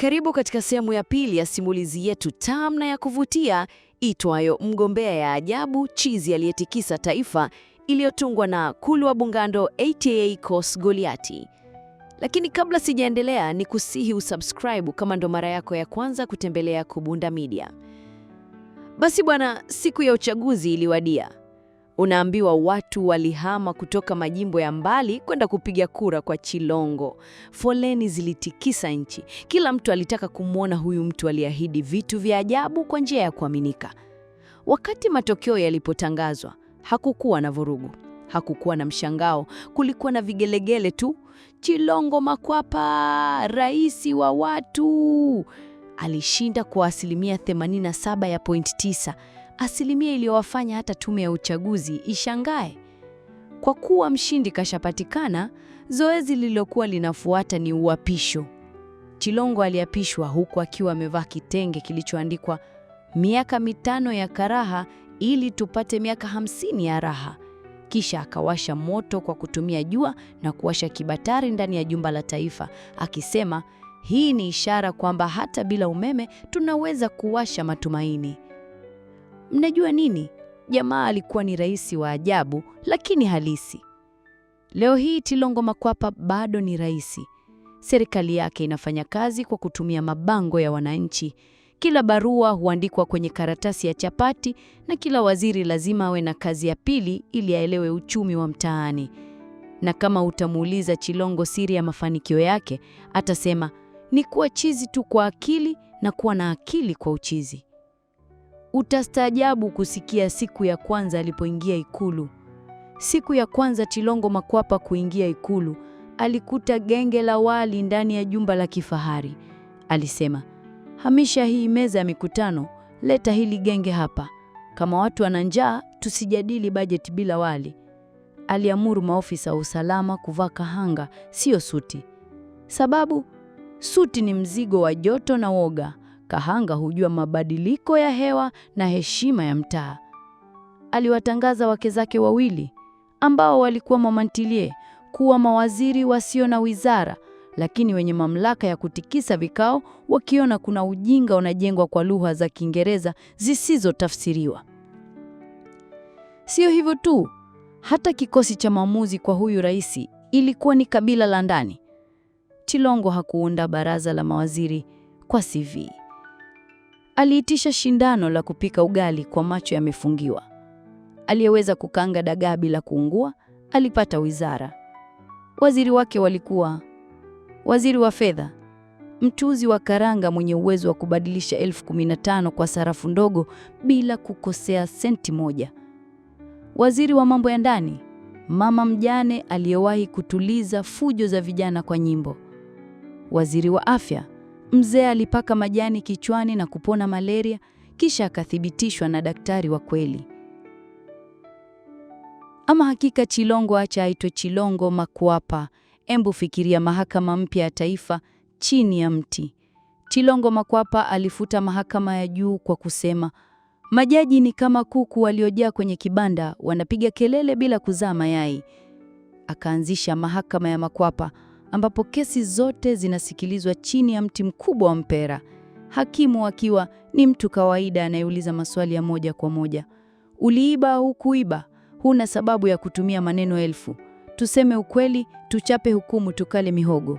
Karibu katika sehemu ya pili ya simulizi yetu tamu na ya kuvutia itwayo Mgombea ya Ajabu, Chizi Aliyetikisa Taifa, iliyotungwa na Kulu wa Bungando ata Kos Goliati. Lakini kabla sijaendelea, ni kusihi usubscribe kama ndo mara yako ya kwanza kutembelea Kubunda Media. Basi bwana, siku ya uchaguzi iliwadia. Unaambiwa watu walihama kutoka majimbo ya mbali kwenda kupiga kura kwa Chilongo. Foleni zilitikisa nchi, kila mtu alitaka kumwona huyu mtu aliahidi vitu vya ajabu kwa njia ya kuaminika. Wakati matokeo yalipotangazwa, hakukuwa na vurugu, hakukuwa na mshangao, kulikuwa na vigelegele tu. Chilongo Makwapa, rais wa watu, alishinda kwa asilimia 87 ya point 9 asilimia iliyowafanya hata tume ya uchaguzi ishangae. Kwa kuwa mshindi kashapatikana, zoezi lililokuwa linafuata ni uapisho. Chilongo aliapishwa huku akiwa amevaa kitenge kilichoandikwa miaka mitano ya karaha ili tupate miaka hamsini ya raha. Kisha akawasha moto kwa kutumia jua na kuwasha kibatari ndani ya jumba la Taifa, akisema hii ni ishara kwamba hata bila umeme tunaweza kuwasha matumaini. Mnajua nini? Jamaa alikuwa ni rais wa ajabu lakini halisi. Leo hii Tilongo Makwapa bado ni rais. Serikali yake inafanya kazi kwa kutumia mabango ya wananchi. Kila barua huandikwa kwenye karatasi ya chapati na kila waziri lazima awe na kazi ya pili ili aelewe uchumi wa mtaani. Na kama utamuuliza Chilongo siri ya mafanikio yake, atasema ni kuwa chizi tu kwa akili na kuwa na akili kwa uchizi. Utastaajabu kusikia siku ya kwanza alipoingia Ikulu. Siku ya kwanza tilongo Makwapa kuingia Ikulu, alikuta genge la wali ndani ya jumba la kifahari. Alisema, hamisha hii meza ya mikutano, leta hili genge hapa. Kama watu wana njaa, tusijadili bajeti bila wali. Aliamuru maofisa wa usalama kuvaa kahanga, sio suti, sababu suti ni mzigo wa joto na woga. Kahanga hujua mabadiliko ya hewa na heshima ya mtaa. Aliwatangaza wake zake wawili ambao walikuwa mamantilie kuwa mawaziri wasio na wizara, lakini wenye mamlaka ya kutikisa vikao, wakiona kuna ujinga unajengwa kwa lugha za Kiingereza zisizotafsiriwa. Sio hivyo tu, hata kikosi cha maamuzi kwa huyu rais ilikuwa ni kabila la ndani. Chilongo hakuunda baraza la mawaziri kwa CV aliitisha shindano la kupika ugali kwa macho yamefungiwa. Aliyeweza kukanga dagaa bila kuungua alipata wizara. Waziri wake walikuwa waziri wa fedha, mtuzi wa karanga mwenye uwezo wa kubadilisha elfu kumi na tano kwa sarafu ndogo bila kukosea senti moja, waziri wa mambo ya ndani, mama mjane aliyewahi kutuliza fujo za vijana kwa nyimbo, waziri wa afya Mzee alipaka majani kichwani na kupona malaria, kisha akathibitishwa na daktari wa kweli. Ama hakika Chilongo, acha aitwe Chilongo Makuapa. Embu fikiria mahakama mpya ya taifa chini ya mti. Chilongo Makwapa alifuta mahakama ya juu kwa kusema, majaji ni kama kuku waliojaa kwenye kibanda, wanapiga kelele bila kuzaa mayai. Akaanzisha mahakama ya Makwapa ambapo kesi zote zinasikilizwa chini ya mti mkubwa wa mpera, hakimu akiwa ni mtu kawaida anayeuliza maswali ya moja kwa moja: uliiba au kuiba? Huna sababu ya kutumia maneno elfu. Tuseme ukweli, tuchape hukumu, tukale mihogo.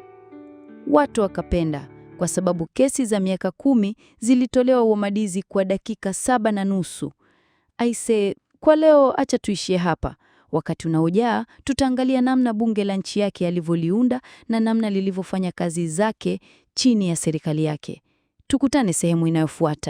Watu wakapenda kwa sababu kesi za miaka kumi zilitolewa uamadizi kwa dakika saba na nusu. Aise, kwa leo acha tuishie hapa. Wakati unaojaa tutaangalia namna bunge la nchi yake alivyoliunda na namna lilivyofanya kazi zake chini ya serikali yake. Tukutane sehemu inayofuata.